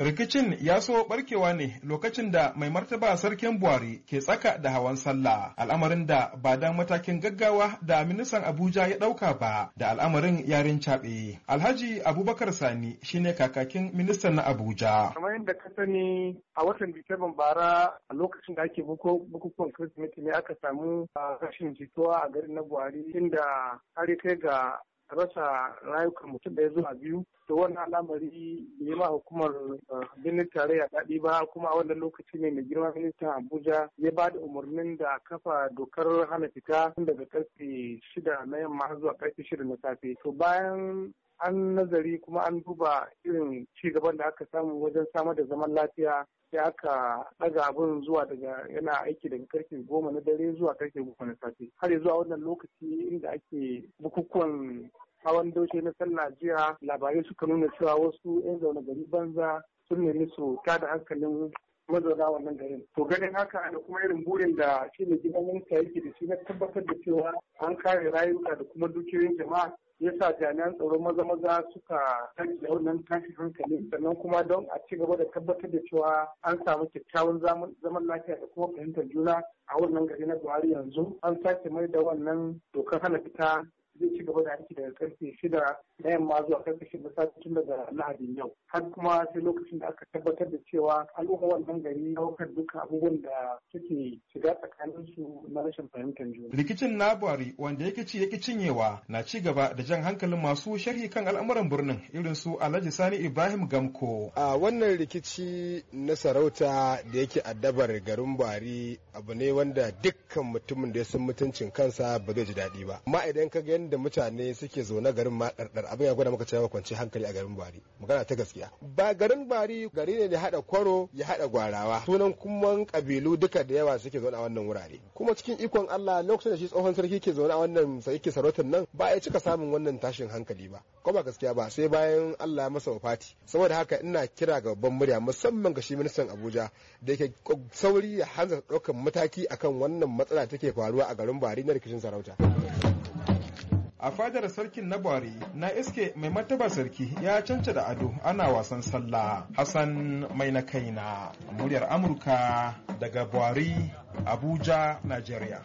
Rikicin ya so barkewa ne lokacin da mai martaba sarkin Buhari ke tsaka da hawan sallah, al'amarin da ba dan matakin gaggawa da ministan Abuja ya ɗauka ba da al'amarin yarin caɓe. Alhaji Abubakar Sani shine kakakin ministan na Abuja. Kamar yadda ka sani a watan Disamban bara a lokacin da ake bukukuwan Kirsimeti ne aka samu ah, rashin jituwa a garin na Buhari inda har kai ga rasa rayukan mutum ɗaya zuwa biyu to wannan al'amari bai ma hukumar eh, birnin tarayya daɗi ba kuma a wannan lokaci ne mai girma ministan abuja ya ba da umarnin da kafa dokar hana fita tun daga karfe shida na yamma zuwa karfe shida na safe to bayan an nazari kuma an duba irin ci gaban da aka samu wajen samar da zaman lafiya sai aka daga abin zuwa daga yana aiki daga karfe goma na dare zuwa karfe goma na safe har zuwa wannan lokaci inda ake bukukuwan hawan daushe na sallah jiya labarai suka nuna cewa wasu 'yan zaune gari banza sun nemi su tada hankalin mazauna wannan garin to ganin haka da kuma irin burin da shi ne gidan minista yake da shi na tabbatar da cewa an kare rayuka da kuma dukiyoyin jama'a ya sa jami'an tsaro maza maza suka tashi da wannan tashin hankali sannan kuma don a ci gaba da tabbatar da cewa an samu kyakkyawan zaman lafiya da kuma fahimtar juna a wannan gari na buhari yanzu an sake mai da wannan dokar hana fita zai ci gaba da aiki daga karfe shida na yamma zuwa karfe shida na sati tun daga lahadin yau har kuma sai lokacin da aka tabbatar da cewa al'umma wannan gari daukar duka abubuwan da suke shiga tsakanin su na rashin fahimtar juna. rikicin na buhari wanda yake ci yake cinyewa na ci gaba da jan hankalin masu sharhi kan al'amuran birnin irin su alhaji sani ibrahim gamko. a wannan rikici na sarauta da yake addabar garin buhari abu ne wanda dukkan mutumin da ya san mutuncin kansa ba zai ji daɗi ba amma idan ka ga inda mutane suke zaune garin ma ɗarɗar abin ya gwada maka cewa kwanci hankali a garin Bari magana ta gaskiya ba garin Bari gari ne da haɗa kwaro ya haɗa gwarawa sunan kuma kabilu duka da yawa suke zaune a wannan wurare kuma cikin ikon Allah lokacin da shi tsohon sarki ke zaune a wannan sai sarautar nan ba ya cika samun wannan tashin hankali ba kuma gaskiya ba sai bayan Allah ya masa wafati saboda haka ina kira ga babban murya musamman ga shi ministan Abuja da yake sauri ya hanzar ɗaukar mataki akan wannan matsala take faruwa a garin Bari na rikicin sarauta. a fadar sarkin na bari na iske mai mataba sarki ya canza da ado ana wasan sallah hassan mai na kaina muryar amurka daga bari abuja nigeria